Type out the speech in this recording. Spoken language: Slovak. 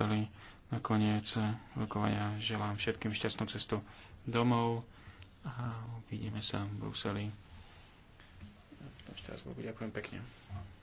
dostali na koniec eh, rokovania. Želám všetkým šťastnú cestu domov a uvidíme sa v Bruseli. V Štrasburgu ďakujem pekne.